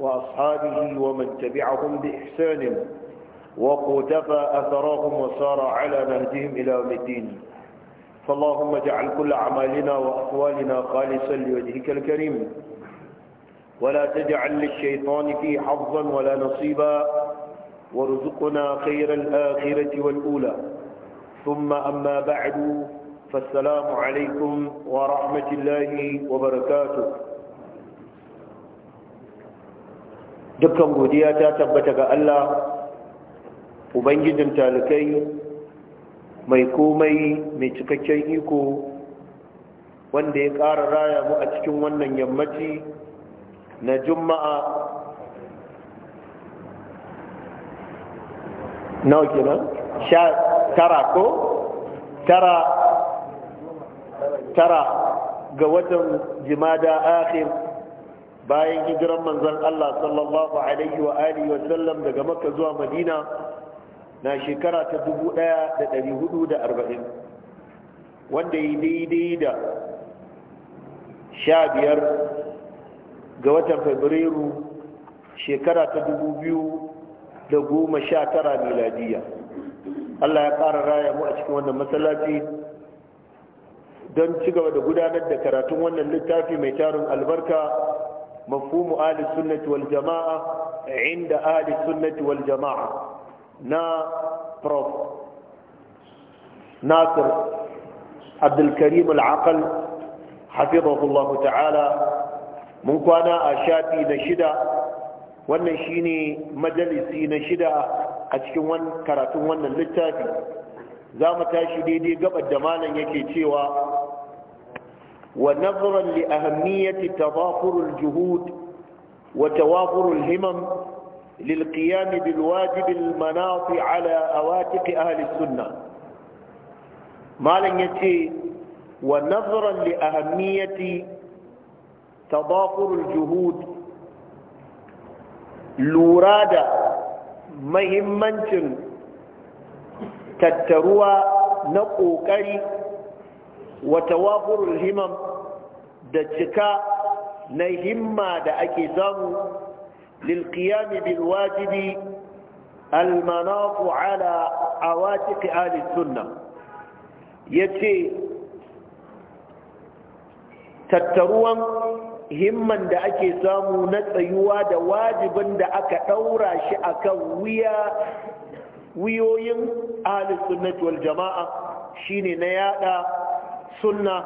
وأصحابه ومن تبعهم بإحسان وقتفى أثرهم وسار على نهجهم إلى يوم الدين فاللهم اجعل كل أعمالنا وأقوالنا خالصا لوجهك الكريم ولا تجعل للشيطان فيه حظا ولا نصيبا وارزقنا خير الآخرة والأولى ثم أما بعد فالسلام عليكم ورحمة الله وبركاته dukkan godiya ta tabbata ga Allah ubangijin talikai mai komai mai cikakken iko wanda ya ƙara raya mu a cikin wannan yammaci na juma'a nawa nan? sha tara ko tara tara ga watan jimada akhir bayan hijiran manzon Allah sallallahu alaihi wa alihi wa sallam daga Makka zuwa Madina na shekara ta 1440 wanda yi daidai da 15 ga watan Fabrairu shekara ta 2019 miladiya Allah ya ƙara raya mu a cikin wannan masallaci don ci gaba da gudanar da karatun wannan littafi mai tarin albarka مفهوم أهل السنة والجماعة عند أهل السنة والجماعة نا بروف ناصر عبد الكريم العقل حفظه الله تعالى mun kwana a shafi na shida wannan shine majalisi na shida a cikin karatun wannan littafi za mu tashi daidai gabar da malam yake cewa ونظرا لأهمية تضافر الجهود وتوافر الهمم للقيام بالواجب المناط على أواتق أهل السنة ما لن يتي ونظرا لأهمية تضافر الجهود لورادة مهمه تتروى نقو كريم wa tawafurul himam da cika na himma da ake samu lilkiyami bil wajibi al a ala awatiq suna, ya yace tattaruwan himman da ake samu na tsayuwa da wajibin da aka ɗaura shi akan wuya wuyoyin ahli wal jama'a shine na yada sunna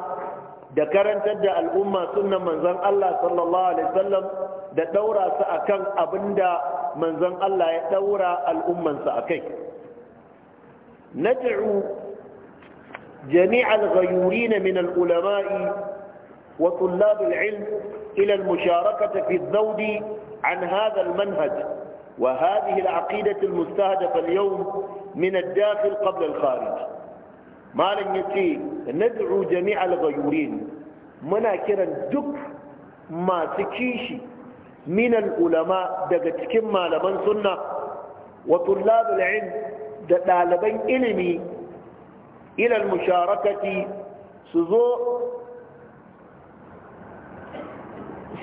da karantar da al'umma sunnan manzon Allah sallallahu alaihi wasallam da daura su akan abinda manzon Allah ya daura al'umman sa akai nad'u jami'al ghayurin min al-ulama'i al-'ilm al-musharakati wa tullab ila fi al من 'an hadha al-manhaj wa hadhihi al عن al-mustahdafa al-yawm min al-dakhil qabla al-kharij malam ya ce nad'u jami'al ghayurin muna kiran duk masu kishi minan ulama daga cikin malaman sunna wa tullabul ilm da ɗaliban ilimi ilal musharakati su zo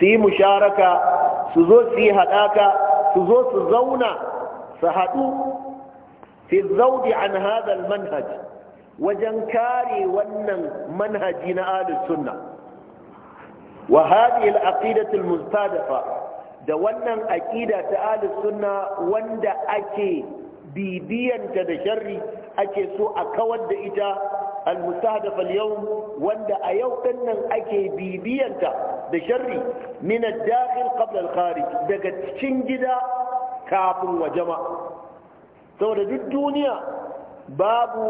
su yi musharaka su zo su yi haɗaka su zo su zauna su haɗu fi zaudi an hadal manhaj wajen kare wannan manhaji na ahlus sunna wa hadhihi al-aqidatu al-mustadafa da wannan aqida ta ahlus sunna wanda ake bibiyanta da sharri ake so a kawar da ita al-mustadafa al-yawm wanda a yau dinnan ake bibiyanta da sharri min ad-dakhil kari al-kharij daga cikin gida kafin wa jama'a saboda duk duniya babu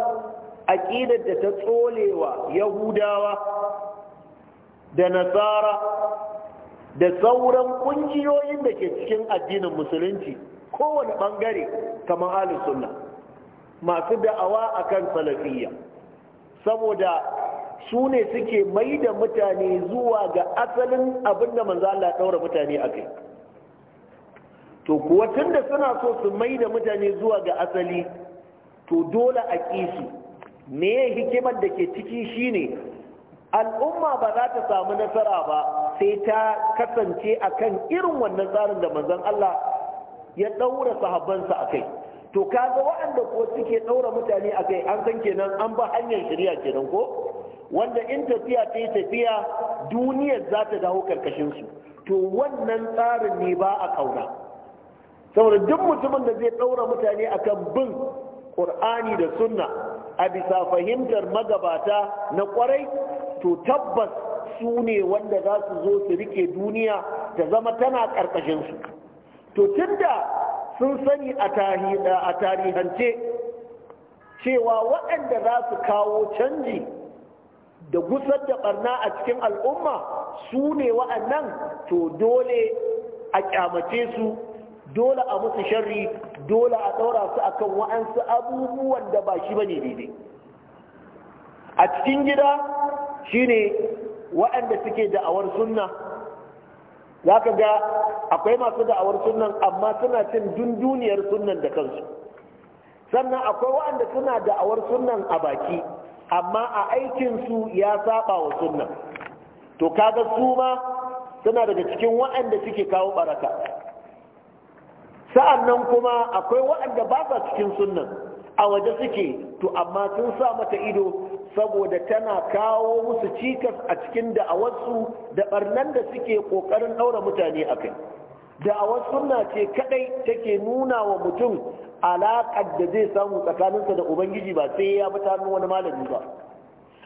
aƙidar da ta tsolewa yahudawa da nasara da sauran ƙungiyoyin da ke cikin addinin musulunci kowane ɓangare kamar halin sunna masu da'awa a kan salafiyya saboda su ne suke mai da mutane zuwa ga asalin abin da manzo Allah ɗaura mutane a kai to kuwa tun da suna so su mai da mutane zuwa ga asali to dole a ƙi su me hikimar da ke ciki shine al'umma ba za ta samu nasara ba sai ta kasance akan irin wannan tsarin da manzon Allah ya ɗaura sahabbansa akai to kaga waɗanda ko suke ɗaura mutane akai an san kenan an ba hanyar shari'a kenan ko wanda in tafiya ta yi tafiya duniyar za ta dawo karkashin su to wannan tsarin ne ba a ƙauna? saboda duk mutumin da zai ɗaura mutane akan bin ƙur'ani da sunna a bisa fahimtar magabata na ƙwarai to tabbas su ne wanda za su zo su rike duniya ta zama tana ƙarƙashinsu to tunda sun sani a tarihance cewa waɗanda za su kawo canji da gusar da ɓarna a cikin al'umma su ne waɗannan to dole a kyamace su dole a musu sharri dole a ɗaura su a kan wa'ansu abubuwan da ba shi bane daidai a cikin gida shine wa'anda suke da'awar sunna za ka ga akwai masu da'awar sunnan amma suna cin dunduniyar sunnan da kansu sannan akwai wa'anda suna da'awar sunnan a baki amma a aikinsu ya saba wa sunnan to kaga su ma suna daga cikin wa'anda suke kawo baraka sa'an nan kuma akwai waɗanda ba sa cikin sunan a waje suke to amma sun sa mata ido saboda tana kawo musu cikas a cikin da'awarsu da ɓarnan da suke ƙoƙarin ɗaura mutane a kai da'awar suna ce kaɗai take nuna wa mutum alaƙar da zai samu tsakaninsa da ubangiji ba sai ya bi ta wani malami ba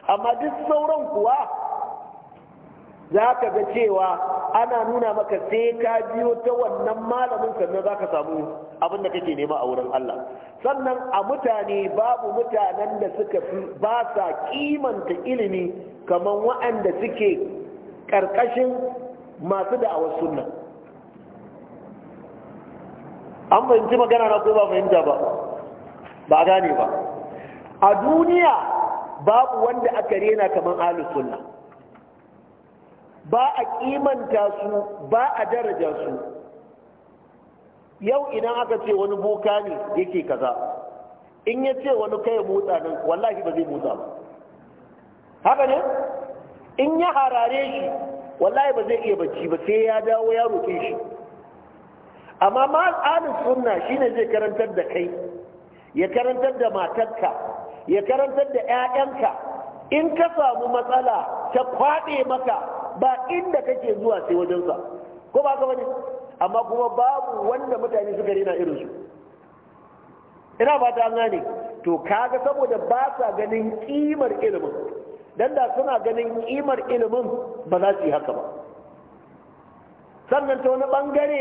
amma duk sauran kuwa za ka ga cewa ana nuna maka sai ka biyo ta wannan malamin sannan za ka samu abin da kake nema a wurin Allah sannan a mutane babu mutanen da suka fi ba sa kimanta ilimi kamar waɗanda suke ƙarƙashin masu da'awar suna an fahimci magana na ko ba fahimta ba ba gane ba a duniya babu wanda aka rena kamar ahlus sunna ba a kimanta su ba a daraja su yau idan aka ce wani boka ne yake kaza in ya ce wani kai motsa nan wallahi ba zai motsa ba haka ne in ya harare shi wallahi ba zai iya bacci ba sai ya dawo ya roƙe shi amma ma alin sunna shine zai karantar da kai ya karantar da matarka ya karantar da 'ya'yanka in ka samu matsala ta kwaɗe maka ba inda kake zuwa sai wajensa ko ba ka bane amma kuma babu wanda mutane suka rena irin su ina ba ta gane to kaga saboda ba sa ganin kimar ilimin dan da suna ganin kimar ilimin ba za su yi haka ba sannan ta wani bangare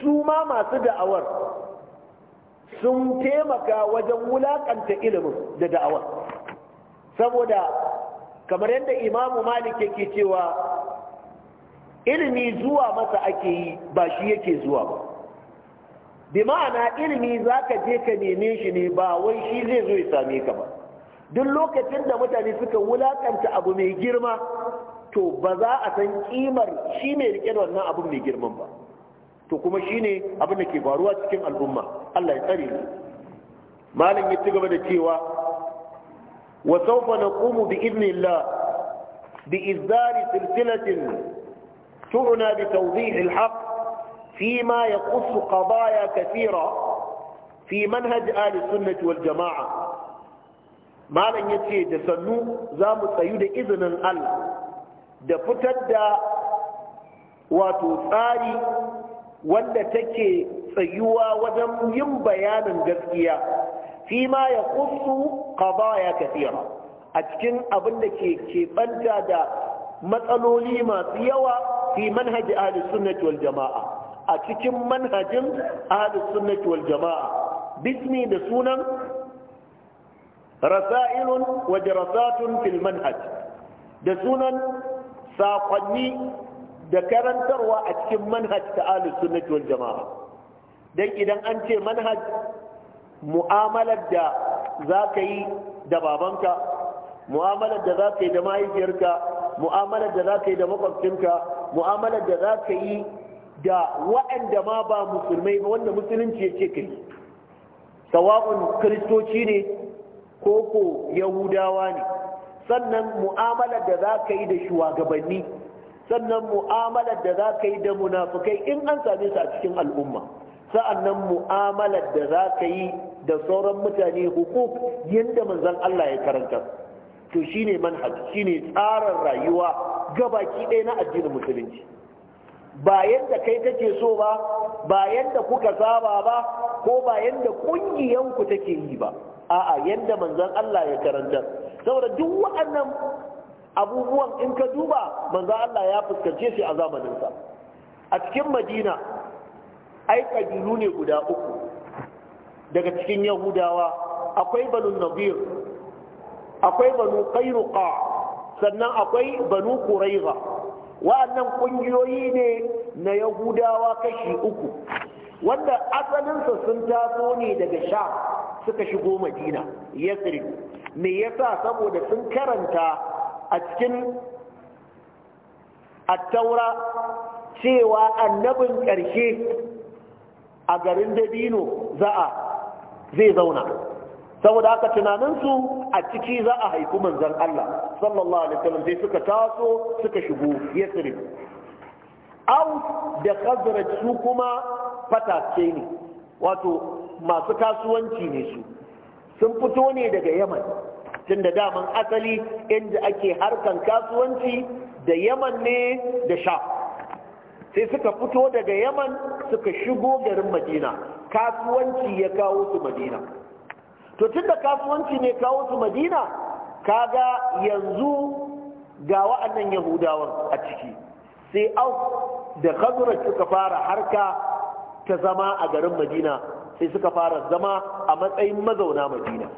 su ma masu da'awar sun taimaka wajen wulakanta ilimin da da'awar saboda kamar yadda imamu malik yake cewa ilimi zuwa masa ake yi ba shi yake zuwa ba bi ma'ana ilimi za ka je ka neme shi ne ba wai shi zai zo ya same ka ba duk lokacin da mutane suka wulakanta abu mai girma to ba za a san kimar shi mai rike da wannan abun mai girman ba to kuma shine abin da ke faruwa cikin al'umma Allah ya tsare ni malam ya ci gaba da cewa wa sawfa naqumu bi idnillah bi izdari silsilatin تعنى بتوضيح الحق فيما يقص قضايا كثيرة في منهج آل السنة والجماعة ما لن يتشي جسنو زام da إذن da دفتد وتصاري wanda take tsayuwa wajen yin bayanin gaskiya fi ma ya kusu qadaya kathira a cikin abin da ke keɓanta da matsaloli masu yawa fi manhaji ahli sunnati wal jama'a a cikin manhajin ahli sunnati wal jama'a bismi da sunan rasailun wa dirasatun fil manhaj da sunan saƙonni da karantarwa a cikin manhaj ta ahli sunnati wal jama'a dan idan an ce manhaj mu'amalar da za ka yi da babanka mu'amalar da za ka yi da mahaifiyarka mu'amalar da za ka yi da makwabcinka mu'amalar da za ka yi da waɗanda ma ba musulmai ba wanda musulunci ya ce kai sawa'un kristoci ne ko ko yahudawa ne sannan mu'amalar da za ka yi da shugabanni sannan mu'amalar da za ka yi da munafukai in an same su a cikin al'umma sa'annan mu'amalar da za ka yi da sauran mutane hukuk yadda manzon Allah ya karanta to shi shine manhaj shine tsarin rayuwa gabaki ɗaya na addinin musulunci ba yadda kai kake so ba ba yadda kuka saba ba ko ba yadda ƙungiyanku take yi ba a'a yadda manzon Allah ya karanta saboda duk waɗannan abubuwan in ka duba manzon Allah ya fuskance shi a zamaninsa a cikin Madina ai kabilu ne guda uku daga cikin Yahudawa akwai Banu nabir akwai banu qairuqa sannan akwai banu quraiza wa'annan kungiyoyi ne na yahudawa kashi uku wanda asalinsa sun taso ne daga sha suka shigo madina yasrib me yasa saboda sun karanta a cikin attaura cewa annabin ƙarshe a garin dabino za'a zai zauna saboda haka tunaninsu a ciki za a haifi manzan Allah sallallahu alaihi wasallam sai suka taso suka shigo yasrib aus da khazraj su kuma fatace ne wato masu kasuwanci ne su sun fito ne daga yaman tun da daman asali inda ake harkan kasuwanci da yaman ne da sha sai suka fito daga yaman suka shigo garin madina kasuwanci ya kawo su madina to tunda kasuwanci ne kawo su madina kaga yanzu ga wa'annan yahudawan a ciki sai aus da khazraj suka fara harka ta zama a garin madina sai suka fara zama a matsayin mazauna madina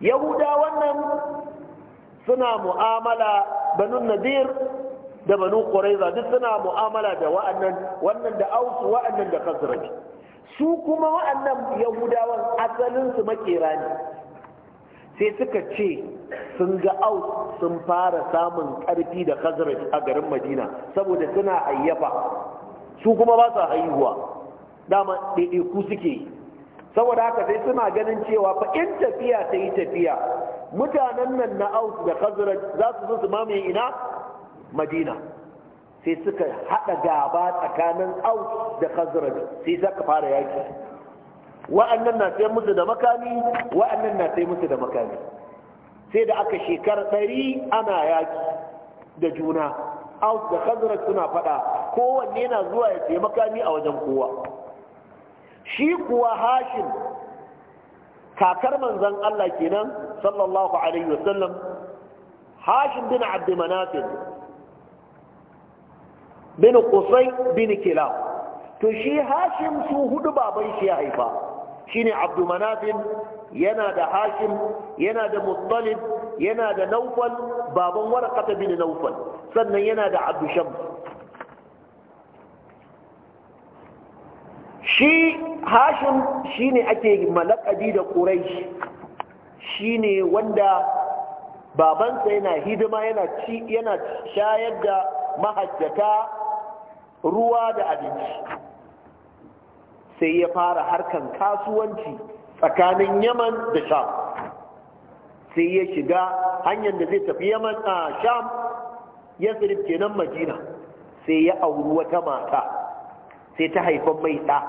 yahudawan nan suna mu'amala banu nadir da banu ƙuraiza duk suna mu'amala da wa'annan wannan da ausu wa'annan da khazraj su kuma wa'annan yahudawan asalinsu makera ne sai suka ce sun ga aus sun fara samun ƙarfi da khazraj a garin madina saboda suna ayyafa su kuma ba su haihuwa dama ɗaiɗaiku suke saboda haka sai suna ganin cewa fa in tafiya ta yi tafiya mutanen nan na aus da khazraj za su zo su mamaye ina madina sai suka haɗa gaba tsakanin aus da khazraj sai suka fara yaki wa'annan na sai musu da makami wa'annan na sai musu da makami sai da aka shekar ɗari ana yaki da juna aus da khazraj suna faɗa kowanne yana zuwa ya sai makami a wajen kowa shi kuwa Hashin kakar manzon Allah kenan sallallahu alaihi wasallam Hashin bin abd manafin bin qusay bin kilab to shi hashim su hudu baban shi ya haifa shine abdu manafin yana da hashim yana da muttalib yana da naufal baban warqata bin naufal sannan yana da abdu shams shi hashim shine ake malakadi da quraish shine wanda babansa yana hidima yana ci yana shayar da mahajjata ruwa da abinci sai ya fara harkan kasuwanci tsakanin yaman da sham sai ya shiga hanyar da zai tafi yaman a sham ya nan majina sai ya auri wata mata sai ta haifan mai ɗa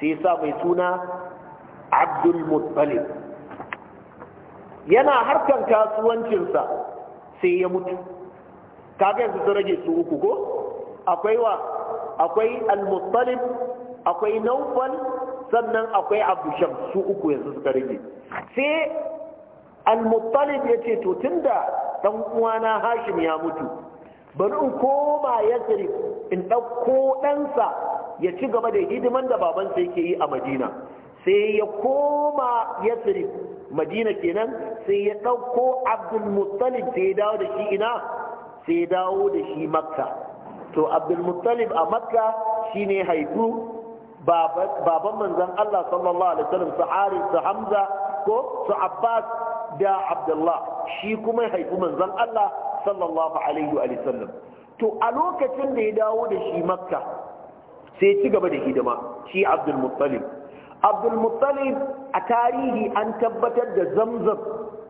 sai sa mai suna abdulmuttalib yana harkan kasuwancinsa sai ya mutu kafin su rage su uku ko akwai wa akwai al-muttalib akwai naufal sannan akwai abu su uku yanzu suka rage sai al-muttalib ya ce to tunda dan uwana hashim ya mutu bari in koma yasrib in ɗauko ɗansa ya ci gaba da hidiman da babansa yake yi a madina sai ya koma yasri madina kenan sai ya ɗauko abdul muttalib sai ya dawo da shi ina sai ya dawo da shi makka to abdulmuttalib a makka shine haifu baban manzan Allah sallallahu alaihi wasallam su Ari su Hamza ko su Abbas da Abdullah shi kuma ya haifi manzan Allah sallallahu alaihi sallam to a lokacin da ya dawo da shi makka sai ci gaba da hidima shi Abdul abdulmuttalib Abdul a tarihi an tabbatar da Zamzam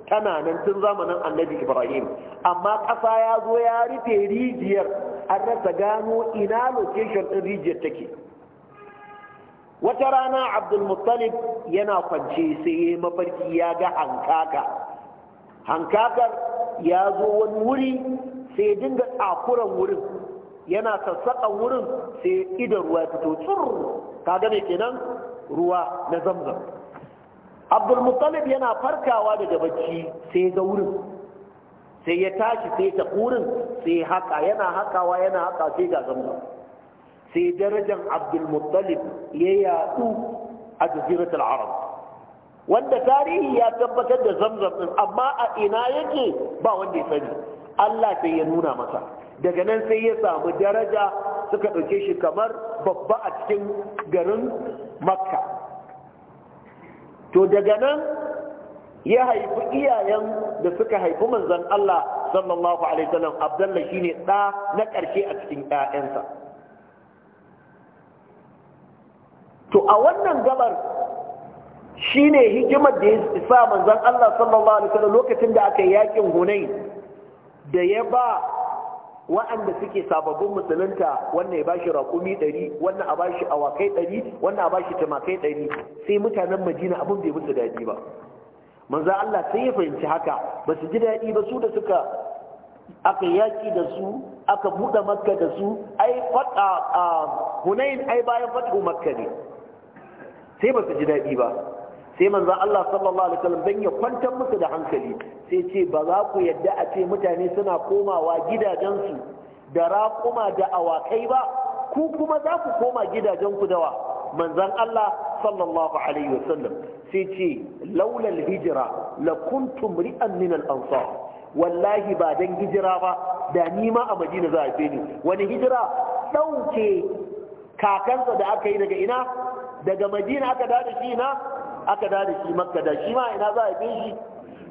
tana nan tun zamanin annabi ibrahim amma ƙasa ya zo ya rufe rijiyar an rasa gano ina location ɗin rijiyar take wata rana abdulmuttalib yana kwance sai ya mafarki ya ga hankaka hankakar ya zo wani wuri sai dinga tsakuran wurin yana sassaƙan wurin sai idan ruwa fito tsur ka gane kenan ruwa na zamzam abdulmuttalib yana farkawa daga bacci sai ga wurin sai ya tashi sai ta wurin sai haka yana hakawa yana haka sai ga zamba sai darajar abdulmuttalib ya yadu a jaziratul arab wanda tarihi ya tabbatar da zamzam din amma a ina yake ba wanda ya sani Allah sai ya nuna masa daga nan sai ya samu daraja suka ɗauke shi kamar babba a cikin garin makka to daga nan ya haifi iyayen da suka haifi manzon Allah sallallahu alaihi wasallam shi shine ɗa na ƙarshe a cikin ƴaƴansa to a wannan gabar shine hikimar da ya sa manzon Allah sallallahu alaihi wasallam lokacin da aka yi yaƙin Hunain da ya ba waɗanda suke sababbin musulunta wannan ya bashi raƙumi ɗari wannan a bashi awakai ɗari wannan a bashi tumakai ɗari sai mutanen madina abin bai musu daɗi ba manzo Allah sai ya fahimci haka ba su ji daɗi ba su da suka aka yaki da su aka buɗe makka da su ai fata hunain ai bayan fatu makka ne sai ba su ji daɗi ba sai manzo Allah sallallahu alaihi wasallam dan ya kwantar musu da hankali sai ce ba za ku yadda a ce mutane suna komawa gidajensu da raƙuma da awakai ba ku kuma za ku koma gidajenku da wa manzon Allah sallallahu alaihi wasallam sai ce laula hijira la kuntum ri'an min al-ansar wallahi ba dan hijira ba da ni ma a Madina za a fi ni wani hijira dauke kakansa da aka yi daga ina daga Madina aka dawo da shi na aka da da shi makka da shi ma ina za a bin shi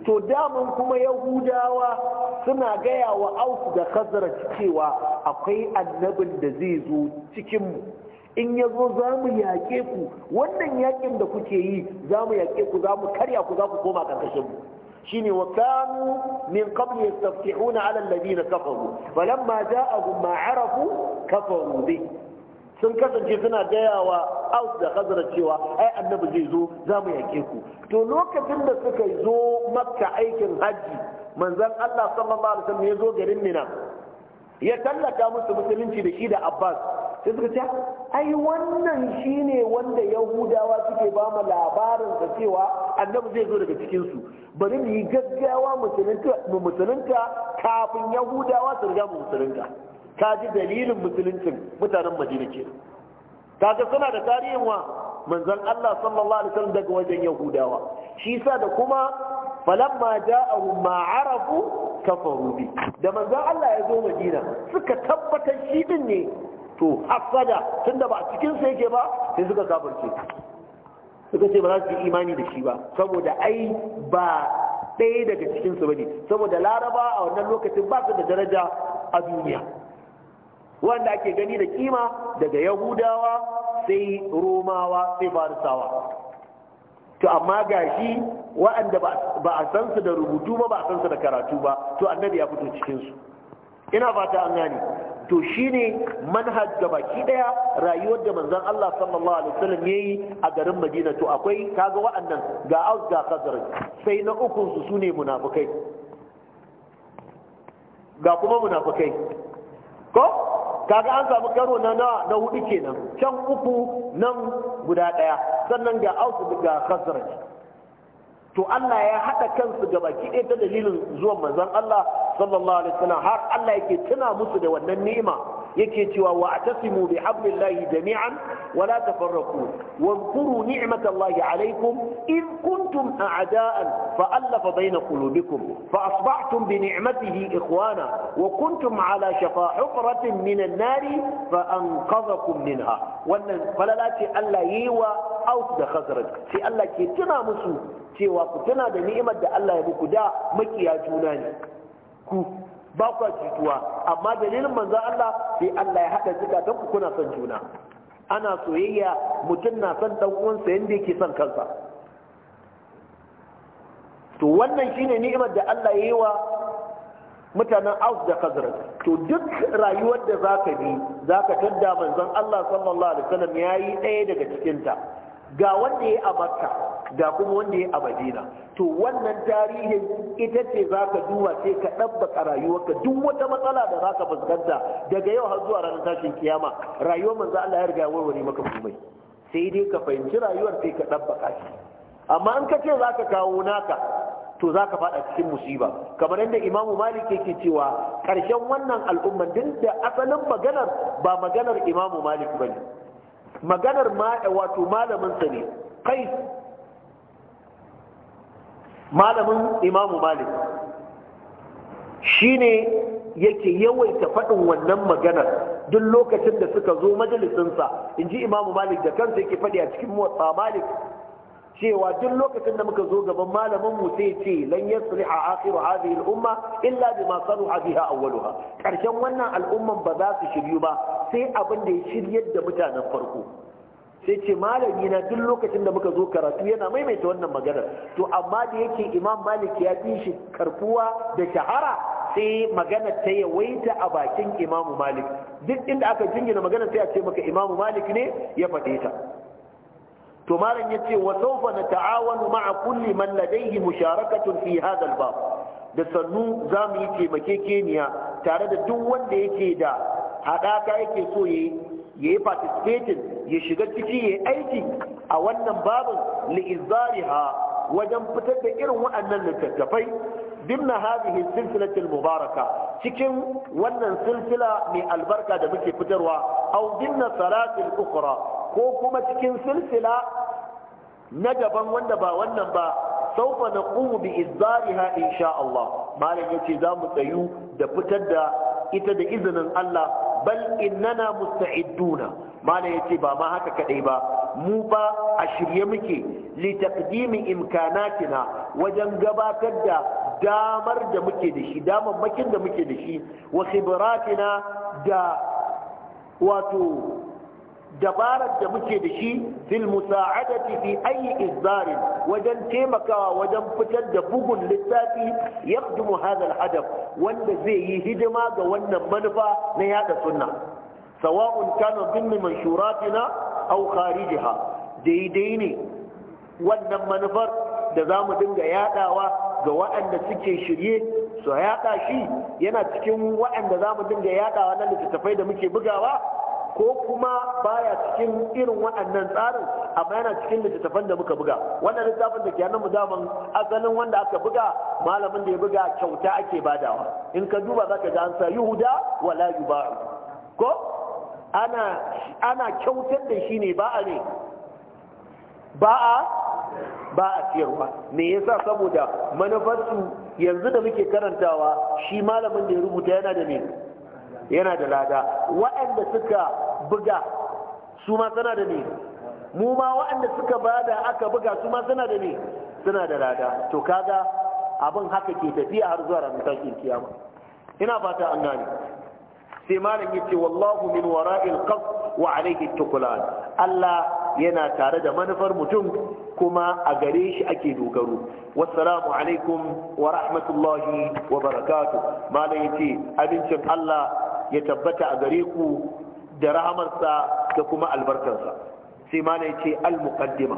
to damun kuma yahudawa suna gaya wa auku da kazara cewa akwai annabin da zai zo cikin mu in ya zo za mu yaƙe ku wannan yaƙin da kuke yi za mu yaƙe ku za mu karya ku za ku koma ƙarƙashin mu shine wa kanu min qabli yastafihuna ala alladhina kafaru falamma ja'ahum ma arafu kafaru bi sun kasance suna gaya wa aus da hazara cewa ai annabi zai zo za mu yake ku to lokacin da suka zo makka aikin hajji manzon Allah sallallahu alaihi wasallam ya zo garin Mina ya tallata musu musulunci da shi da Abbas sai suka ce ai wannan shine wanda Yahudawa suke ba mu labarin sa cewa annabi zai zo daga cikin su bari mu yi gaggawa musulunta mu musulunta kafin Yahudawa su riga mu musulunta ka ji dalilin musuluncin mutanen madina ke kaga suna da tarihin wa manzon Allah sallallahu alaihi wasallam daga wajen yahudawa shi yasa da kuma falamma ja'ahum ma arafu kafaru bi da manzon Allah ya zo madina suka tabbatar shi din ne to hasada tunda ba cikin sa yake ba sai suka kafirce suka ce ba za su yi imani da shi ba saboda ai ba ɗaya daga cikinsu ba ne saboda laraba a wannan lokacin ba su da daraja a duniya wanda ake gani da kima daga yahudawa sai romawa sai farisawa to amma gashi waɗanda ba a san su da rubutu ba ba a san su da karatu ba to annabi ya fito cikin su ina fata an gane to shine manhaj ga baki daya rayuwar da manzon Allah sallallahu alaihi wasallam yayi a garin Madina to akwai kaga wa'annan ga aus ga khazraj sai na uku su sune munafikai ga kuma munafikai ko kaga an samu karo na na hudu kenan can uku nan guda daya sannan ga ausu ga khazraj to Allah ya hada kansu gabaki ɗaya ta dalilin zuwan manzon Allah sallallahu alaihi wasallam har Allah yake tuna musu da wannan ni'ima yake cewa wa atasimu bi hablillahi jami'an wa la tafarraqu wa dhkuru ni'matallahi alaykum in kuntum a'da'an fa allafa baina qulubikum fa asbahtum bi ni'matihi ikhwana wa kuntum ala shafa hufratin min an-nar fa anqadhakum minha wannan falalati Allah yiwa aus da khazraj sai Allah ke tuna musu cewa ku tuna da ni'imar da Allah ya muku da makiya juna ne ku ba ku jituwa amma dalilin manzon Allah sai Allah ya haɗa zukatan ku kuna son juna ana soyayya mutum na son dan uwansa yanda yake son kansa to wannan shine ni'imar da Allah ya yi wa mutanen aus da khazraj to duk rayuwar da zaka bi zaka tadda manzon Allah sallallahu alaihi wasallam yayi ɗaya daga cikin ta ga wanda yayi a makka Da kuma wanda ya a madina to wannan tarihin ita ce za ka duba sai ka ɗabbaka rayuwarka duk wata matsala da za ka fuskanta daga yau har zuwa ranar tashin kiyama rayuwar manzo Allah ya riga ya warware maka komai sai dai ka fahimci rayuwar sai ka ɗabbaka shi amma in ka ce za ka kawo naka to za ka faɗa cikin musiba kamar yadda imamu malik yake cewa ƙarshen wannan al'umma din da asalin maganar ba maganar imamu malik ba ne maganar wato malamin sa ne kai malamin imamu malik shine yake yawaita faɗin wannan maganar duk lokacin da suka zo majalisinsa in ji imamu malik da kansa yake faɗi a cikin motsa malik cewa duk lokacin da muka zo gaban malamin mu sai ce lan yasliha akhiru hadhihi al-umma illa bima saluha biha awwaluha karshen wannan al'umman ba za su shiryu ba sai abin da ya shiryar da mutanen farko sai ce malami na duk lokacin da muka zo karatu yana maimaita wannan magana. to amma da yake imam malik ya fi shi karkuwa da shahara sai magana ta yawaita a bakin imamu malik duk inda aka jingina magana sai a ce maka imamu malik ne ya faɗe ta to malam ya ce wa sawfa ta'awan ma'a kulli man ladayhi musharakatun fi hadha al-bab da sannu za mu yi taimakekeniya tare da duk wanda yake da haɗaka yake so yi. ya yi participating ya shiga ciki ya yi aiki a wannan babin li'izzariha wajen fitar da irin waɗannan littattafai dimna hadhihi silsilatil mubaraka cikin wannan silsila mai albarka da muke fitarwa au dimna salatil ukhra ko kuma cikin silsila na daban wanda ba wannan ba saufa na ƙumu bi izariha insha Allah malam yace za mu tsayu da fitar da ita da izinin Allah bal innana musta'idduna mala yace ba ma haka kadai ba mu ba a shirye muke li taqdimi imkanatina wajen gabatar da damar da muke da shi damammakin da muke da shi wa khibratina da wato dabarar da muke da shi fil musa'adati fi ayi izzarin wajen taimakawa wajen fitar da bugun littafi yaqdimu hadha al-hadaf wanda zai yi hidima ga wannan manufa na yada sunna sawa'un kana dhimmi manshuratina aw kharijaha daidai ne wannan manufar da mu dinga yadawa ga waɗanda suke shirye su yada shi yana cikin waɗanda za mu dinga yaɗawa na littattafai da muke bugawa ko kuma baya cikin irin waɗannan tsarin amma yana cikin littattafan da muka buga wannan littafin da ke nan mu zaman asalin wanda aka buga malamin da ya buga kyauta ake badawa in ka duba zaka ga an sa yuhuda wala yubaru ko ana ana kyautar da shi ne ba a ne ba a ba a siyarwa me yasa saboda manufarsu yanzu da muke karantawa shi malamin da ya rubuta yana da ne yana da lada waɗanda suka buga su ma suna da ne mu ma waɗanda suka bada aka buga su ma suna da ne suna da lada to kaga abin haka ke tafiya har zuwa ranar tashin kiyama ina fata an gane sai malam yace wallahu min wara'il qaf wa alayhi tukulan Allah yana tare da manufar mutum kuma a gare shi ake dogaro wassalamu alaikum wa rahmatullahi wa barakatuh malam yace abincin Allah ya tabbata a gare ku da rahamarsa da kuma albarkarsa sai ma ne ce al-muqaddima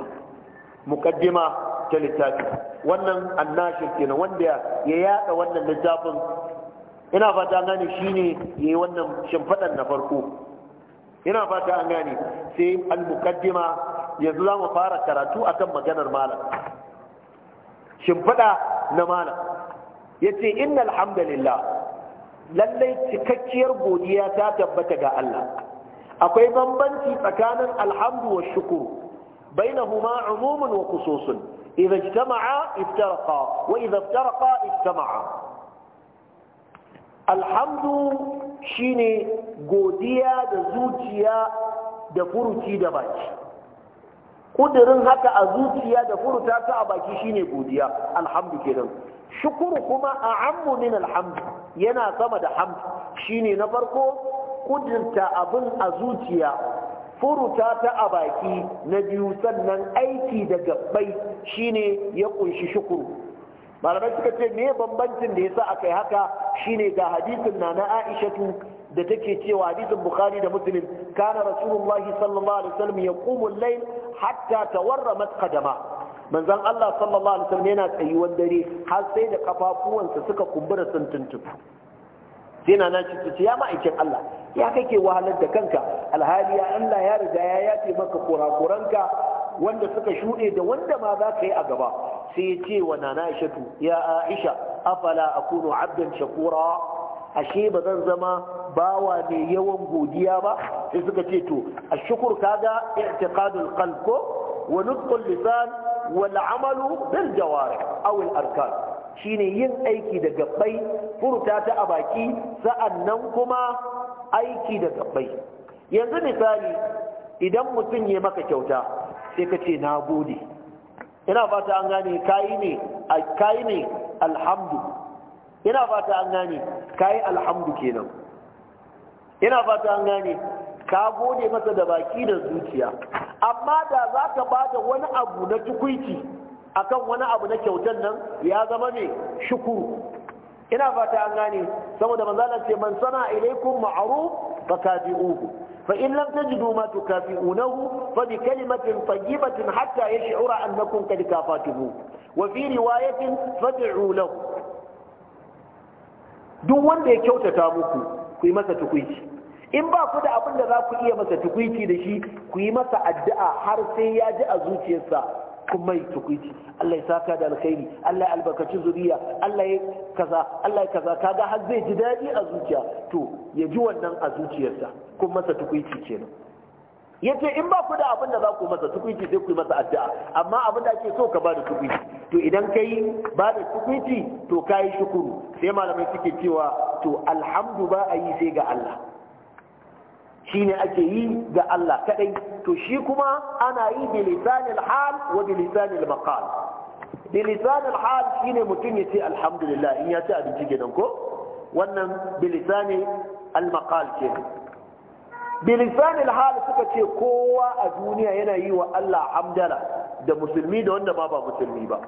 muqaddima ta littafi wannan annashin kenan wanda ya yada wannan littafin ina fata an gane shine yayi wannan shimfadan na farko ina fata an gane sai al-muqaddima yanzu za mu fara karatu akan maganar malam shimfiɗa na malam yace innal hamdalillah lallai cikakkiyar godiya ta tabbata ga Allah akwai bambanci tsakanin alhamdu wa shukuru bainahuma umumun wa khususun idza ijtama'a iftaraqa wa idza iftaraqa ijtama'a alhamdu shine godiya da zuciya da furuci da baki kudirin haka a zuciya da furuta ta a baki shine godiya alhamdu kenan shukuru kuma a ammu min alhamdu yana sama da hamdu shine na farko kudurta abin a zuciya furuta ta a baki na biyu sannan aiki da gabbai shine ya kunshi shukuru malamai suka ce me bambancin da yasa akai haka shine ga hadisin na na Aishatu da take cewa hadisin Bukhari da Muslim kana Rasulullah sallallahu alaihi wasallam yaqumu al-layl hatta tawarramat qadama manzon Allah sallallahu alaihi wasallam yana tsayuwar dare har sai da kafafuwansa suka kumbura sun tuntuɓe sai na na ce ya ma'aikin Allah ya kake wahalar da kanka alhali ya Allah ya riga ya yafe maka kurakuranka wanda suka shuɗe da wanda ma za ka yi a gaba sai ya ce wa nana Aishatu ya Aisha afala akunu abdan shakura ashe ba zan zama bawa mai yawan godiya ba sai suka ce to ashkur kaga i'tiqadul qalb ko wa nutqul lisan wal amalu bil jawarih aw al arkan shine yin aiki da gabbai furta ta a baki sa'annan kuma aiki da gabbai yanzu misali idan mutum ya maka kyauta sai ka ce na gode ina fata an gane kayi ne kayi ne alhamdu ina fata an gane kayi alhamdu kenan ina fata an gane ka gode masa da baki da zuciya amma da za ka ba da wani abu na tukwici akan wani abu na kyautar nan ya zama mai shukuru ina fata an gane saboda manzana ce man sana ilaikum ma'ruf fakabi'uhu fa in lam tajidu ma tukafi'unahu fa bi kalimatin tayyibatin hatta yash'ura annakum qad kafatuhu wa fi riwayatin fad'u lahu duk wanda ya kyautata muku ku yi masa tukuici in ba ku da abin da za ku iya masa tukwiti da shi ku yi masa addu'a har sai ya ji a zuciyarsa kuma mai tukwiti? Allah ya saka da alkhairi Allah ya albarkaci zuriya Allah ya kaza Allah ya kaza kaga har zai ji daɗi a zuciya to ya ji wannan a zuciyarsa kun masa tukwici kenan yace in ba ku da abin da za ku masa tukwiti sai ku yi masa addu'a amma abin da ake so ka ba da tukwiti. to idan ka yi ba da tukwiti to ka yi shukuru sai malamai suke cewa to alhamdu ba a yi sai ga Allah shi ne ake yi ga Allah kaɗai to shi kuma ana yi bi hal wa bi lisanil maqal bi lisanil hal shine mutum ya ce alhamdulillah in ya ci abinci kenan ko wannan bi lisani maqal kenan bi hal suka ce kowa a duniya yana yi wa Allah hamdala da musulmi da wanda ba ba musulmi ba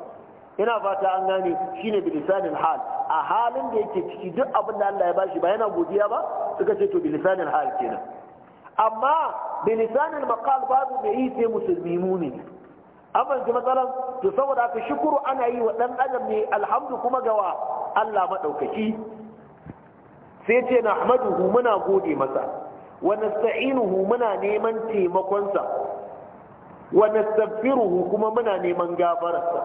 ina fata an gane shine bilisanin hal a halin da yake ciki duk abin da Allah ya bashi ba yana godiya ba suka ce to bilisanin hal kenan amma bilisanin maqal babu mai yi sai musulmi mumini an fahimci matsalan to saboda ka shukuru ana yi wa dan adam ne alhamdu kuma gawa Allah madaukaki sai ce na ahmaduhu muna gode masa wa nasta'inuhu muna neman taimakonsa wa nastaghfiruhu kuma muna neman gafararsa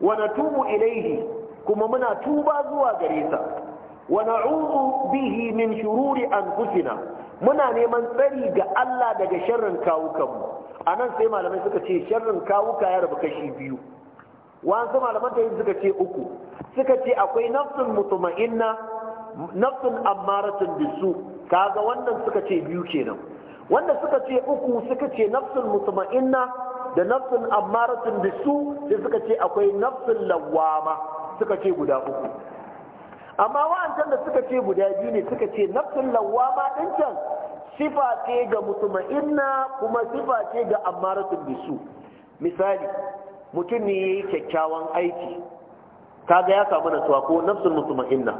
wa natubu ilaihi kuma muna tuba zuwa gare sa wa na'udhu bihi min shururi anfusina muna neman tsari ga Allah daga sharrin kawukanmu anan sai malamai suka ce sharrin kawuka ya rabu kashi biyu wasu malaman ta yi suka ce uku suka ce akwai nafsun mutuma'inna nafsun ammaratun bisu kaga wannan suka ce biyu kenan wanda suka ce uku suka ce nafsun mutuma'inna da nafsun ammaratun bisu sai suka ce akwai nafsun lawama suka ce guda uku amma wa'antar da suka ce guda biyu ne suka ce nafsin lawa din can sifa ce ga mutuma'inna kuma sifa ce ga ammaratun bisu misali mutum ne ya yi kyakkyawan aiki kaga ya samu nasuwa ko nafsul mutuma'inna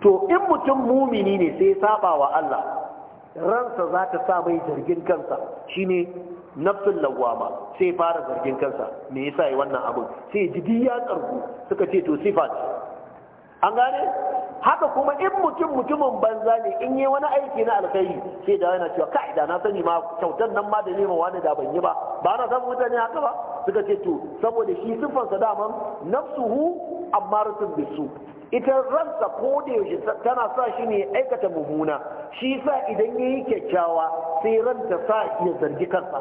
to in mutum mumini ne sai saba wa Allah ransa za ta sa mai zargin kansa shine nafsul lawama sai fara zargin kansa me yasa yi wannan abin sai ji ya karbu suka ce to sifa ce an gane haka kuma in mutum mutumin banza ne in yi wani aiki na alkhairi sai da yana cewa ka'ida da na sani ma kyautar nan ma da nema wani da ban yi ba ba na san mutane haka ba suka ce to saboda shi siffansa daman nafsuhu amma bisu ita ransa ko da yaushe tana sa shi ne aikata mummuna shi sa idan yayi kyakkyawa sai ranta sa ya zargi kansa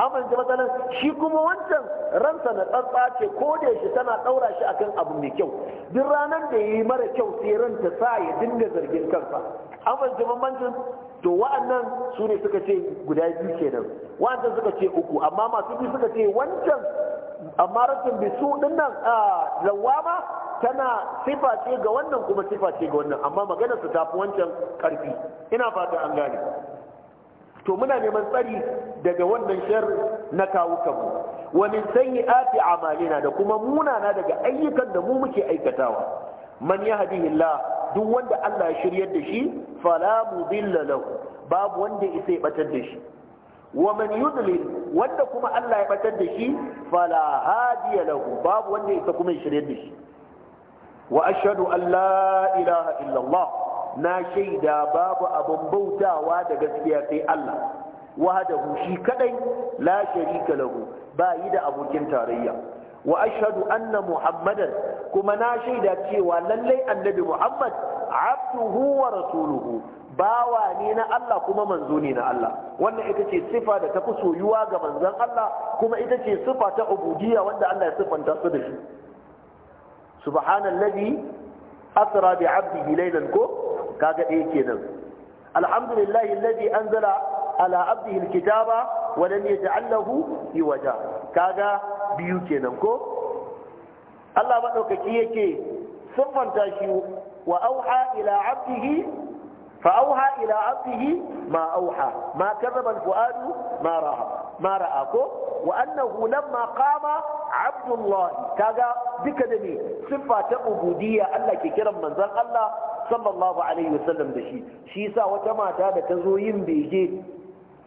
amma da matsalan shi kuma wancan ransa na tsatsa ce ko da shi tana daura shi akan abu mai kyau duk ranar da yi mara kyau sai ranta sa ya dinga zargin kansa amma da mamancin to wa'annan su ne suka ce guda biyu kenan wa'annan suka ce uku amma masu biyu suka ce wancan amma rashin bisu din nan lawama tana sifa ce ga wannan kuma sifa ce ga wannan amma maganar su fi wancan karfi ina fata an gane to muna neman tsari daga wannan sharri na kawukanmu wa min sayyi'ati a'malina da kuma munana daga ayyukan da mu muke aikatawa man yahdihillah duk wanda Allah ya shiryar da shi fala mudilla lahu babu wanda isa ya batar da shi wa man yudlil wanda kuma Allah ya batar da shi fala hadiya lahu babu wanda isa kuma ya shiryar da shi wa ashhadu an la ilaha illallah na shaida babu abin bautawa da gaskiya sai Allah wahdahu shi kadai la sharika lahu ba yi da abokin tarayya wa ashhadu anna muhammadan kuma na shaida cewa lallai annabi muhammad abduhu wa rasuluhu bawa ne na Allah kuma manzo ne na Allah wannan ita ce sifa da ta soyuwa ga manzon Allah kuma ita ce sifa ta ubudiyya wanda Allah ya sifanta su da shi subhanallazi asra bi abdihi laylan ko kaga ɗaya kenan alhamdulillah alladhi anzala ala abdihi alkitaba wa lam yaj'al iwaja kaga biyu kenan ko Allah madaukaki yake siffanta shi wa auha ila abdihi fa auha ila abdihi ma auha ma karraba alfuadu ma raha Mara ako ko wa annahu lamma qama abdullah kaga duka da ne siffa ta ubudiyya Allah ke kiran manzon Allah sallallahu alaihi wasallam da shi shi yasa wata mata da ta zo yin bege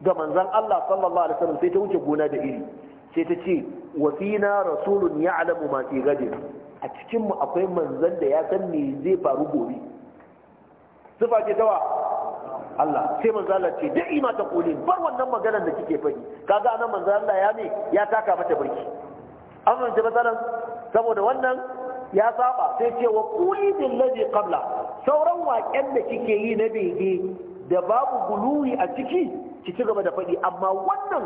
ga manzon Allah sallallahu alaihi wasallam sai ta wuce gona da iri sai ta ce wa fina rasulun ya'lamu ma fi gadin a cikin mu akwai manzon da ya san me zai faru gobe sifa ce ta Allah sai manzo Allah ce da'i ma ta bar wannan maganar da kike faɗi kaga anan manzo Allah ya ne ya taka mata barki amma da matsalan saboda wannan ya saba sai ce wa kuli bil ladhi qabla sauran waƙen da kike yi na bege da babu guluwi a ciki ki ci gaba da faɗi amma wannan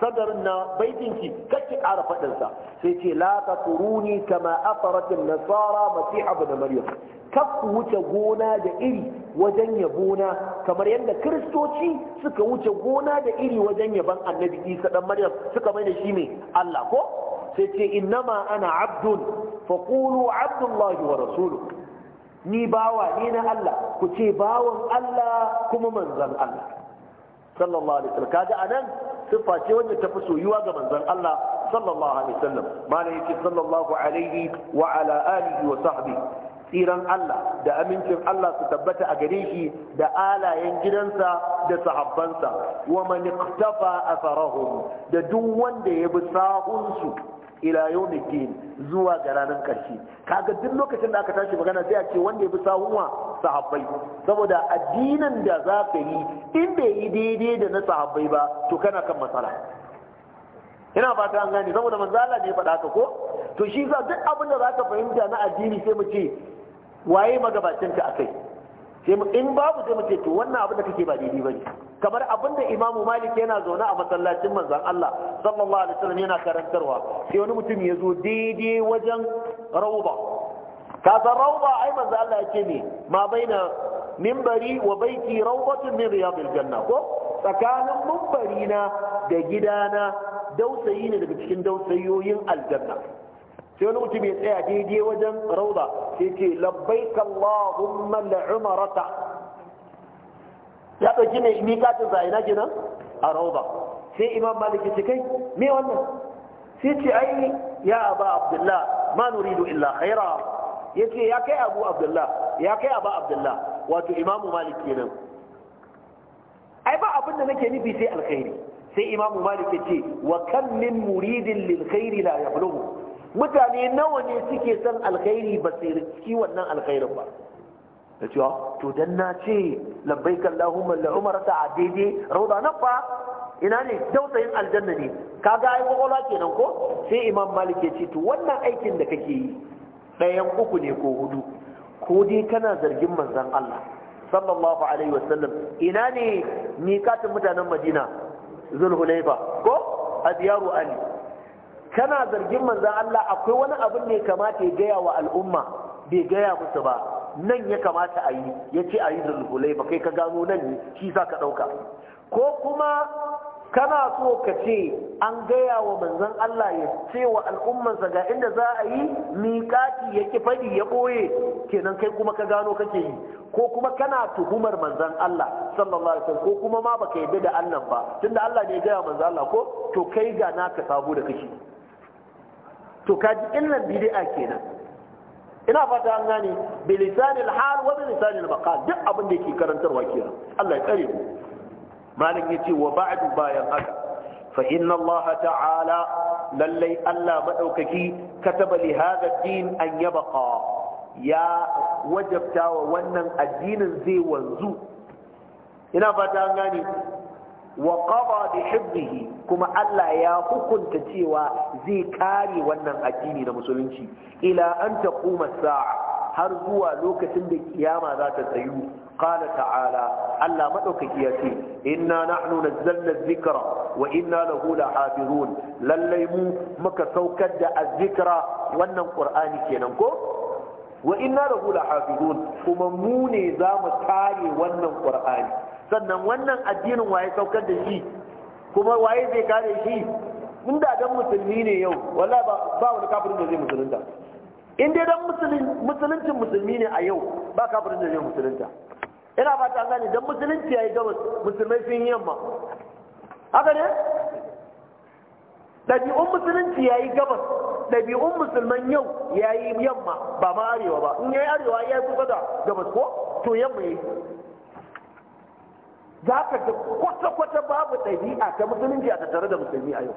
sadarin na ki kake ƙara faɗinsa sai ce la ta turuni kama asaratin nasara masiha ibn maryam kaf wuce gona da iri wajen yabona kamar yadda kiristoci suka wuce gona da iri wajen yaban annabi isa dan maryam suka mai da shi ne Allah ko sai ce innama ana abdun fa qulu abdullahi wa rasuluhu ni bawa ne na Allah ku ce bawan Allah kuma manzon Allah sallallahu alaihi wasallam kaga anan siffa ce wanda ta fi soyuwa ga manzon Allah sallallahu alaihi wasallam malai yake sallallahu alaihi wa ala alihi wa sahbihi tsiran Allah da amincin Allah su tabbata a gare shi da alayen gidansa da sahabbansa wa man iktafa atharahum da duk wanda ya bi su ila yawmiddin zuwa ga ranar karshe kaga duk lokacin da aka tashi magana sai a ce wanda ya bi wa? sahabbai saboda addinin da za ka yi in bai yi daidai da na sahabbai ba to kana kan matsala ina fata an gane saboda manzo Allah ne ya faɗa ka ko to shi za duk abin da ka fahimta na addini sai mu ce waye magabacinka a kai in babu zai ce to wannan abin da kake ba daidai ba ne kamar abin da imamu malik yana zaune a masallacin manzan Allah sallallahu alaihi wasallam yana karantarwa sai wani mutum ya zo daidai wajen rauba ka san rauba ai manzan Allah ya ce ne ma baina minbari wa baiti raubatun min riyadil janna ko tsakanin minbari na da gidana dausayi ne daga cikin dausayoyin aljanna sai wani mutum ya tsaya daidai wajen rauda sai ce labbaik Allahumma la umrata ya dauki ne miƙatin sa ina kenan a rauda sai imam malik ya ce kai me wannan sai ce ai ya aba abdullah ma nuridu illa khaira yace ya kai abu abdullah ya kai aba abdullah wato imamu malik kenan ai ba abin da nake nufi sai alkhairi sai imamu malik ya ce wa kam min muridin lil khairi la yablughu mutane nawa ne suke son alkhairi ba su riski wannan alkhairin ba ta cewa to dan na ce labbai kallahu malla umar ta a daidai rauda fa ina ne dausayin aljanna ne ka ga ai kwakwalwa kenan ko sai imam malik ya ce to wannan aikin da kake yi ɗayan uku ne ko hudu ko dai kana zargin manzan Allah sallallahu alaihi wasallam ina ne katin mutanen Madina Hulaifa ko Adiyaru ali kana zargin manzan Allah akwai wani abin ne kamata ya gaya wa al'umma bai gaya musu ba nan ya kamata a yi ya ce a yi zulhulai ba kai ka gano nan ne shi za ka ɗauka ko kuma kana so ka ce an gaya wa manzan Allah ya ce wa al'ummansa ga inda za a yi miƙati ya ki faɗi ya ɓoye kenan kai kuma ka gano kake yi ko kuma kana tuhumar manzan Allah sallallahu alaihi wasallam ko kuma ma baka yarda da Allah ba tunda Allah ne ya gaya manzan Allah ko to kai ga naka sabo da kake to kaji illan bid'a kenan ina fata an gane bi lisanil hal wa bi lisanil maqal duk abin da yake karantarwa kenan Allah ya kare mu malik yace wa ba'du bayan haka fa inna Allah ta'ala lallai Allah madaukaki kataba li hadha din an yabqa ya wajabta wa wannan addinin zai wanzu ina fata an gane wa qada bi hibbihi kuma Allah ya hukunta cewa zai kare wannan addini na musulunci ila an taquma sa'a har zuwa lokacin da kiyama za ta tsayu qala ta'ala Allah madaukaki ya ce inna nahnu nazzalna dhikra wa inna lahu lahafizun lallai mu muka saukar da azzikra wannan qur'ani kenan ko wa inna lahu lahafizun kuma mu ne za mu kare wannan qur'ani sannan wannan addinin waye saukar da shi kuma waye zai kare shi in da dan musulmi ne yau wallahi ba wani kafirin da zai musulunta in dai dan musulmin musuluncin musulmi ne a yau ba kafirin da zai musulunta ina fata gane dan musulunci yayi gabas musulmai sun yamma haka ne ɗabi'un musulunci yayi gabas ɗabi'un musulman yau yayi yamma ba ma arewa ba in yayi arewa yayi kusa da gabas ko to yamma yayi za ka ga kwata-kwata babu ɗabi'a ta musulunci a tattare da musulmi a yau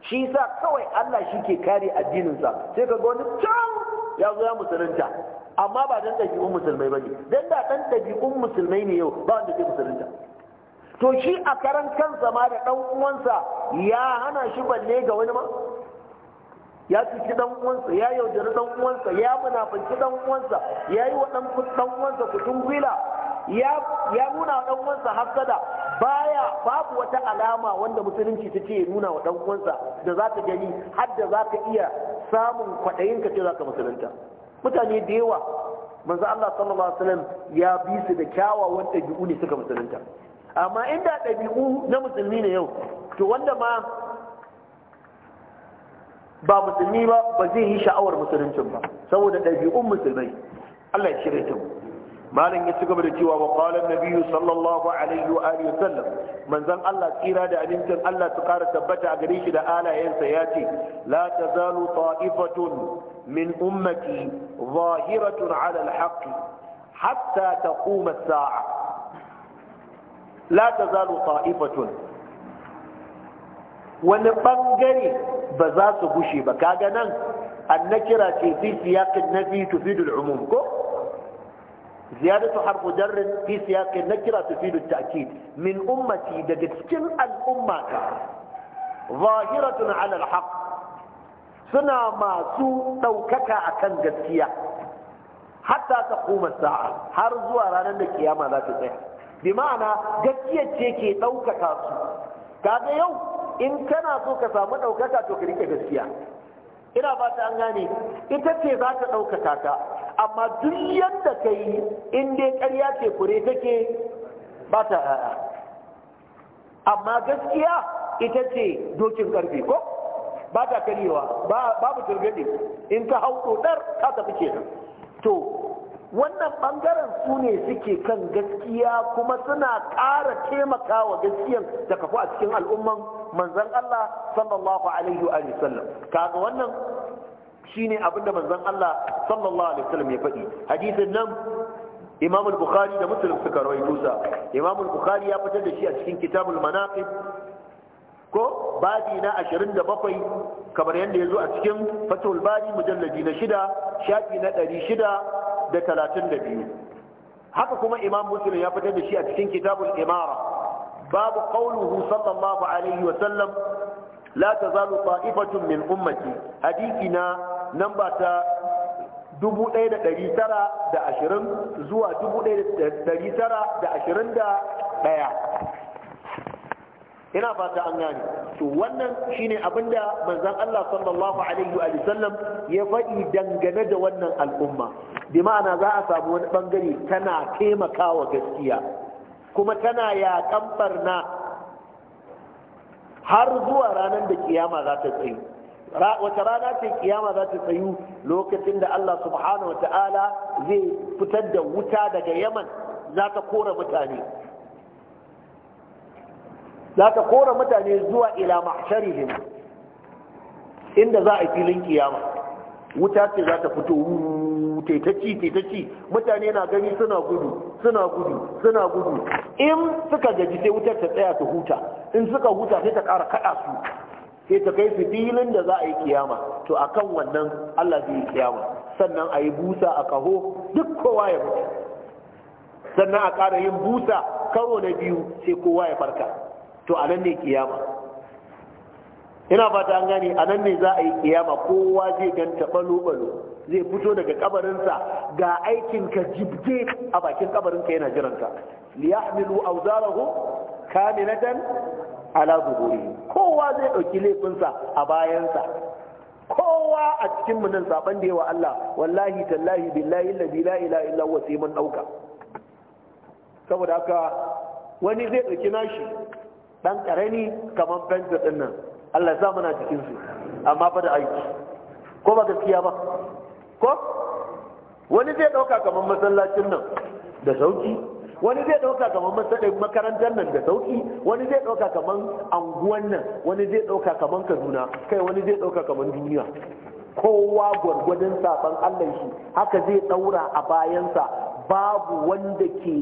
shi sa kawai Allah shi ke kare addininsa sai ka ga wani can ya zo ya musulunta amma ba dan ɗabi'un musulmai ba ne dan da dan ɗabi'un musulmai ne yau ba wanda ke musulunta to shi a karan kansa ma da ɗan uwansa ya hana shi balle ga wani ma ya cuci dan uwansa ya yaudari dan uwansa ya munafanci dan uwansa ya yi wa dan uwansa kutun gwila ya nuna wa uwansa hasada baya babu wata alama wanda musulunci ta ce nuna wa dan uwansa da za ta gani har da za ka iya samun kwaɗayin ka ce za ka musulunta mutane da yawa manzo Allah sallallahu alaihi wasallam ya bi su da kyawawan ɗabi'u ne suka musulunta amma inda ɗabi'u na musulmi ne yau to wanda ma ba musulmi ba ba zai yi sha'awar musuluncin ba saboda ɗabi'un musulmai Allah ya shirya ta mu malam ya ci gaba da cewa wa qala nabiyyu sallallahu alaihi wa alihi wasallam manzon Allah tsira da amincin Allah su kara tabbata a gare shi da alayensa ya ce la tazalu ta'ifatun min ummati zahiratun ala alhaq hatta taquma as-sa'a la tazalu ta'ifatun wani bangare ba za su gushe ba kaga nan annakira ce fi siyaqin nafi tufidul umum ko ziyadatu harfu jarrin fi siyaqi nakira tufidu ta'kid min ummati daga cikin al'ummata zahiratun ala alhaq suna masu ɗaukaka akan gaskiya hatta taquma sa'a har zuwa ranar da kiyama za ta tsaya bi ma'ana gaskiyar ce ke daukaka su kaga yau in kana so ka samu ɗaukaka to ka rike gaskiya ina ba ta an gane ita ce za ta ɗaukaka ta amma duk yadda ka yi inda karya ƙarya ce kure take ba ta yaya amma gaskiya ita ce dokin karfe ko ba ta karyewa babu turgade in ka hau ɗar ka tafi ke to wannan bangaren su ne suke kan gaskiya kuma suna ƙara taimaka wa gaskiyan da kafu a cikin al'umman manzan Allah sallallahu alaihi wa sallam kaga wannan shine abinda manzan Allah sallallahu alaihi wa sallam ya faɗi hadisin nan Imam al-Bukhari da Muslim suka rawaito sa Imam al-Bukhari ya fitar da shi a cikin Kitabul Manaqib ko babi na 27 kamar yadda ya zo a cikin Fathul Bari mujallaji na shida shafi na 600 da talatin da biyu haka kuma imam muslim ya fitar da shi a cikin kitabul imara babu qauluhu sallallahu alaihi wa sallam la tazalu ta'ifatun min ummati hadisi na namba ta 1920 zuwa 1921 ina fata an gane to wannan shine abinda manzon Allah sallallahu alaihi wa sallam ya faɗi dangane da wannan al'umma bi ma'ana za a samu wani bangare tana taimakawa gaskiya kuma tana yaƙan na har zuwa ranar da kiyama za ta tsayu wata rana ce kiyama za ta tsayu lokacin da Allah subhanahu wa ta'ala zai fitar da wuta daga yaman za ta kora mutane za ka kora mutane zuwa ila mahsharihim inda za a filin kiyama wuta ce za ta fito taitaci taitaci mutane na gani suna gudu suna gudu suna gudu in suka gaji sai wutar ta tsaya ta huta in suka huta sai ta kara kada su sai ta kai su filin da za a yi kiyama to akan wannan Allah zai yi kiyama sannan a yi busa a kaho duk kowa ya mutu sannan a kara yin busa karo na biyu sai kowa ya farka to a nan ne kiyama ina ba ta gani. a ne za a yi kiyama kowa zai ganta balo-balo zai fito daga kabarinsa ga aikinka jibge a bakin kabarinka yana jiranka liyahmilu awzarahu kamilatan ala zuhuri kowa zai dauki laifinsa a bayansa kowa a cikin mu nan saban da yawa Allah wallahi tallahi billahi alladhi la ilaha illa huwa sai mun dauka saboda haka wani zai dauki nashi dan karami kamar benzo din nan Allah ya muna cikin su amma fa da aiki ko ba gaskiya ba ko wani zai dauka kamar masallacin nan da sauki wani zai dauka kamar eh, makarantar nan da sauki wani zai dauka kamar anguwan nan wani zai dauka kamar Kaduna kai wani zai dauka kamar duniya kowa gwargwadon saban Allah shi haka zai daura a bayansa babu wanda ke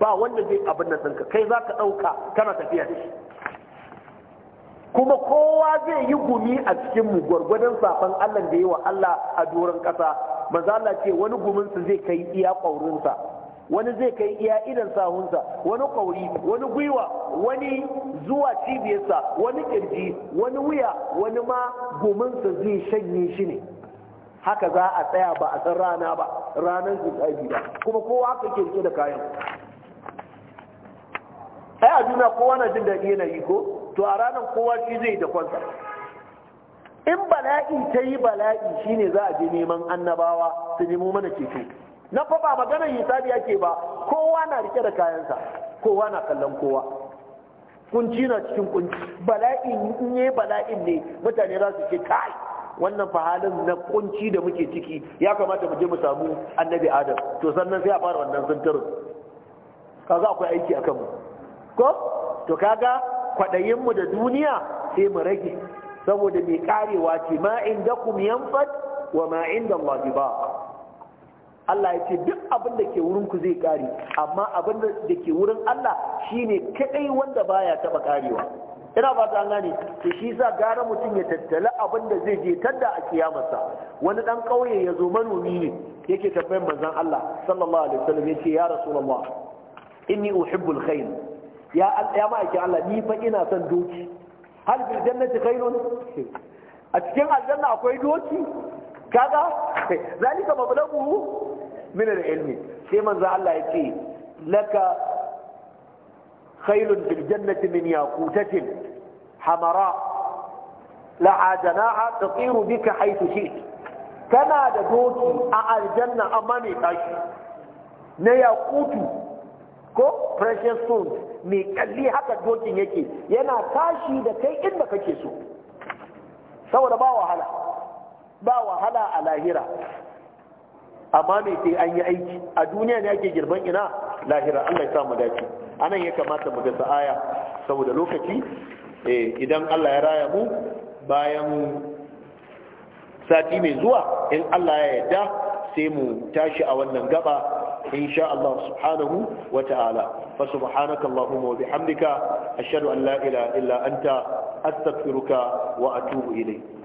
ba wanda zai abin da sanka kai za ka ɗauka kana tafiya da shi kuma kowa zai yi gumi a cikin mu gwargwadon safan Allah da yi wa Allah a doron ƙasa maza Allah ce wani guminsa zai kai iya ƙwaurinsa wani zai kai iya idan sahunsa wani kwauri wani gwiwa wani zuwa cibiyarsa wani ƙirji wani wuya wani ma guminsa zai shanye shi ne haka za a tsaya ba a san rana ba ranar su ba kuma kowa haka ke da kayan ai a duniya kowa na jin daɗi yana yi ko to a ranar kowa shi zai da kwansa in bala'i ta yi bala'i shine za a je neman annabawa su nemo mana ceto na fa ba maganar sabi ake ba kowa na rike da kayansa kowa na kallon kowa kunci na cikin kunci bala'i in yi bala'in ne mutane za su ce kai wannan fahalin na kunci da muke ciki ya kamata mu je mu samu annabi adam to sannan sai a fara wannan zantarin kaza akwai aiki a kanmu ko to kaga kwaɗayin mu da duniya sai mu rage saboda mai karewa ce ma indakum yanfat wa ma inda Allah ba Allah ya ce duk abin da ke wurin ku zai kare amma abin da ke wurin Allah shine kadai wanda baya taba karewa ina ba ta gane to shi sa gara mutum ya tattala abin da zai je tadda a kiyamarsa wani dan kauye ya zo manomi ne yake tambayar manzon Allah sallallahu alaihi wasallam yace ya rasulullah inni uhibbul khair ya ya ma'aikin Allah ni fa ina son doki hal bil jannati khairun a cikin aljanna akwai doki kaga zalika mablagu min al-ilmi sai manzo Allah ya ce laka khailun fil jannati min yaqutatin hamara laha janaha tatiru bika haythu shi'ta kana da doki a aljanna amma mai tashi na yakutu ko precious stones mai kalli haka dokin yake yana tashi da kai inda kake so saboda ba wahala ba wahala a lahira amma me sai an yi aiki a duniya ne ake girban ina lahira Allah ya samu dace anan ya kamata mu ga aya saboda lokaci eh idan Allah ya raya mu bayan sati mai zuwa in Allah ya yarda sai mu tashi a wannan gaba insha Allah subhanahu wa ta'ala fa subhanaka allahumma wa bihamdika ashhadu an la ilaha illa anta astaghfiruka wa atubu ilayk